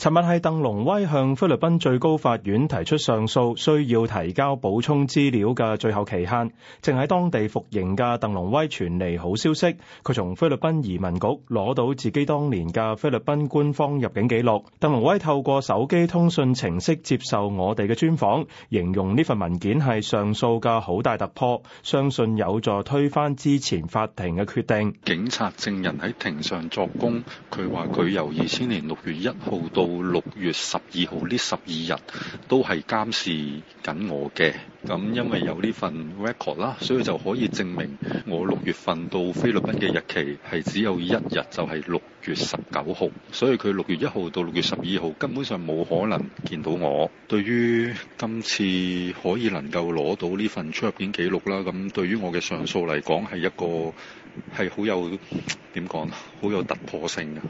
尋日係鄧龍威向菲律賓最高法院提出上訴需要提交補充資料嘅最後期限，正喺當地服刑嘅鄧龍威傳嚟好消息，佢從菲律賓移民局攞到自己當年嘅菲律賓官方入境記錄。鄧龍威透過手機通訊程式接受我哋嘅專訪，形容呢份文件係上訴嘅好大突破，相信有助推翻之前法庭嘅決定。警察證人喺庭上作供，佢話佢由二千年六月一號到。到六月十二號呢十二日都係監視緊我嘅，咁因為有呢份 record 啦，所以就可以證明我六月份到菲律賓嘅日期係只有一日，就係六月十九號。所以佢六月一號到六月十二號根本上冇可能見到我。對於今次可以能夠攞到呢份出入境記錄啦，咁對於我嘅上訴嚟講係一個係好有點講，好有突破性啊，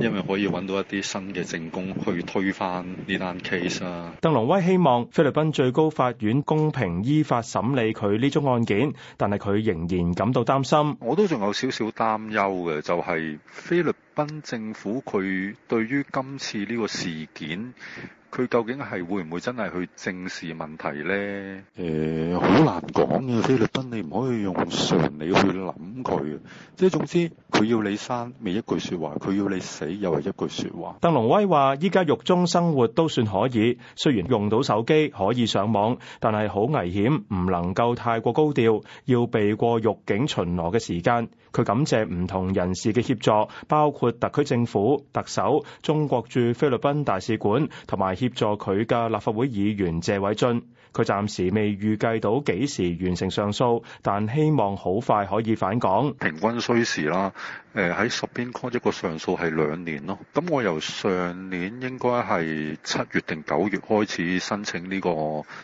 因為可以揾到一啲新嘅證供去推翻呢單 case 啊。鄧龍威希望菲律賓最高法院公平依法審理佢呢宗案件，但係佢仍然感到擔心。我都仲有少少擔憂嘅，就係、是、菲律賓政府佢對於今次呢個事件，佢究竟係會唔會真係去正視問題呢？誒、欸，好難講嘅菲律賓，你唔可以用常理去諗。佢即總之，佢要你生，未一句説話；佢要你死，又係一句説話。鄧龍威話：依家獄中生活都算可以，雖然用到手機可以上網，但係好危險，唔能夠太過高調，要避過獄警巡邏嘅時間。佢感謝唔同人士嘅協助，包括特區政府、特首、中國駐菲律賓大使館同埋協助佢嘅立法會議員謝偉俊。佢暫時未預計到幾時完成上訴，但希望好快可以返港。平均需時啦，誒喺十邊 court 一個上訴係兩年咯。咁我由上年應該係七月定九月開始申請呢個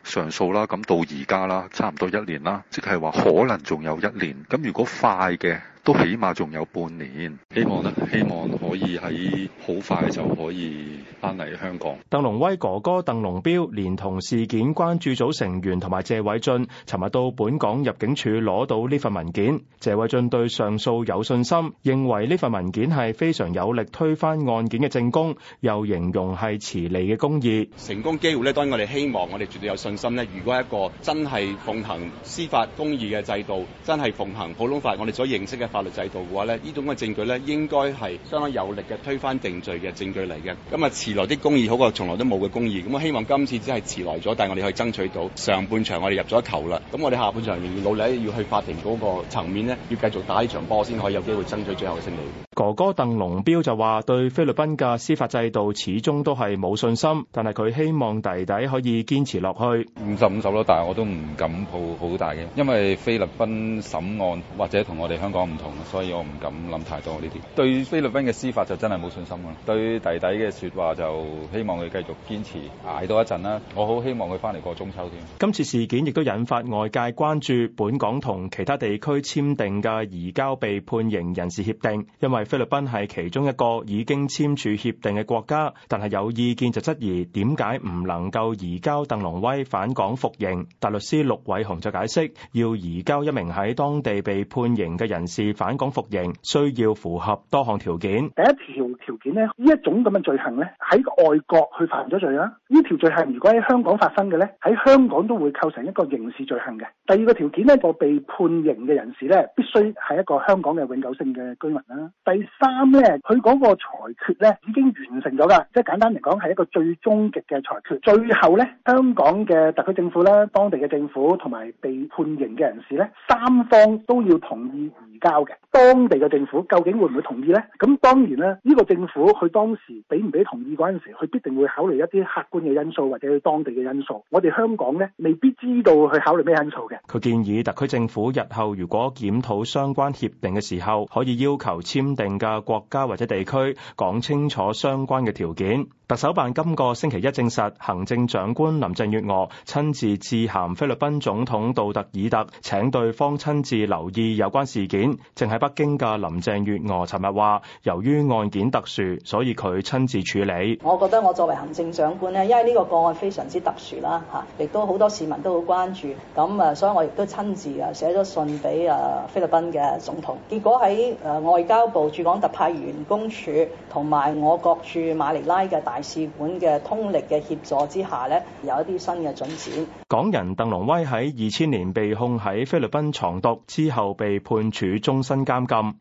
上訴啦，咁到而家啦，差唔多一年啦，即係話可能仲有一年。咁如果快嘅。都起碼仲有半年，希望呢，希望可以喺好快就可以翻嚟香港。鄧龍威哥哥鄧龍彪連同事件關注組成員同埋謝偉俊尋日到本港入境處攞到呢份文件。謝偉俊對上訴有信心，認為呢份文件係非常有力推翻案件嘅證供，又形容係遲嚟嘅公義。成功機會咧，當然我哋希望，我哋絕對有信心咧。如果一個真係奉行司法公義嘅制度，真係奉行普通法，我哋所認識嘅。法律制度嘅話咧，呢種嘅證據咧，應該係相當有力嘅推翻定罪嘅證據嚟嘅。咁啊，遲來啲公義好過從來都冇嘅公義。咁啊，希望今次真係遲來咗，但係我哋可以爭取到上半場我哋入咗球啦。咁我哋下半場仍然努力要去法庭嗰個層面呢，要繼續打呢場波先可以有機會爭取最後嘅勝利。哥哥鄧龍彪就話對菲律賓嘅司法制度始終都係冇信心，但係佢希望弟弟可以堅持落去。五十五十咯，但係我都唔敢抱好大嘅，因為菲律賓審案或者同我哋香港唔。所以我唔敢諗太多呢啲。對菲律賓嘅司法就真係冇信心啦。對弟弟嘅說話就希望佢繼續堅持捱多一陣啦。我好希望佢翻嚟過中秋添。今次事件亦都引發外界關注本港同其他地區簽訂嘅移交被判刑人士協定，因為菲律賓係其中一個已經簽署協定嘅國家，但係有意見就質疑點解唔能夠移交鄧龍威返港服刑。大律師陸偉雄就解釋，要移交一名喺當地被判刑嘅人士。返港服刑需要符合多項條件。第一條條件呢，呢一種咁嘅罪行呢，喺外國去犯咗罪啦、啊。呢條罪行如果喺香港發生嘅呢，喺香港都會構成一個刑事罪行嘅。第二個條件呢，個被判刑嘅人士呢，必須係一個香港嘅永久性嘅居民啦、啊。第三呢，佢嗰個裁決呢，已經完成咗噶，即係簡單嚟講，係一個最終極嘅裁決。最後呢，香港嘅特區政府啦、當地嘅政府同埋被判刑嘅人士呢，三方都要同意移交。當地嘅政府究竟會唔會同意呢？咁當然啦，呢個政府佢當時俾唔俾同意嗰陣時，佢必定會考慮一啲客觀嘅因素或者佢當地嘅因素。我哋香港呢，未必知道佢考慮咩因素嘅。佢建議特區政府日後如果檢討相關協定嘅時候，可以要求簽訂嘅國家或者地區講清楚相關嘅條件。特首辦今個星期一證實，行政長官林鄭月娥親自致函菲律賓總統杜特爾特，請對方親自留意有關事件。正喺北京嘅林鄭月娥，尋日話由於案件特殊，所以佢親自處理。我覺得我作為行政長官咧，因為呢個個案非常之特殊啦，吓亦都好多市民都好關注，咁啊，所以我亦都親自啊寫咗信俾啊菲律賓嘅總統。結果喺誒外交部駐港特派員公署同埋我國駐馬尼拉嘅大使館嘅通力嘅協助之下咧，有一啲新嘅進展。港人鄧龍威喺二千年被控喺菲律賓藏毒之後，被判處中。身監禁。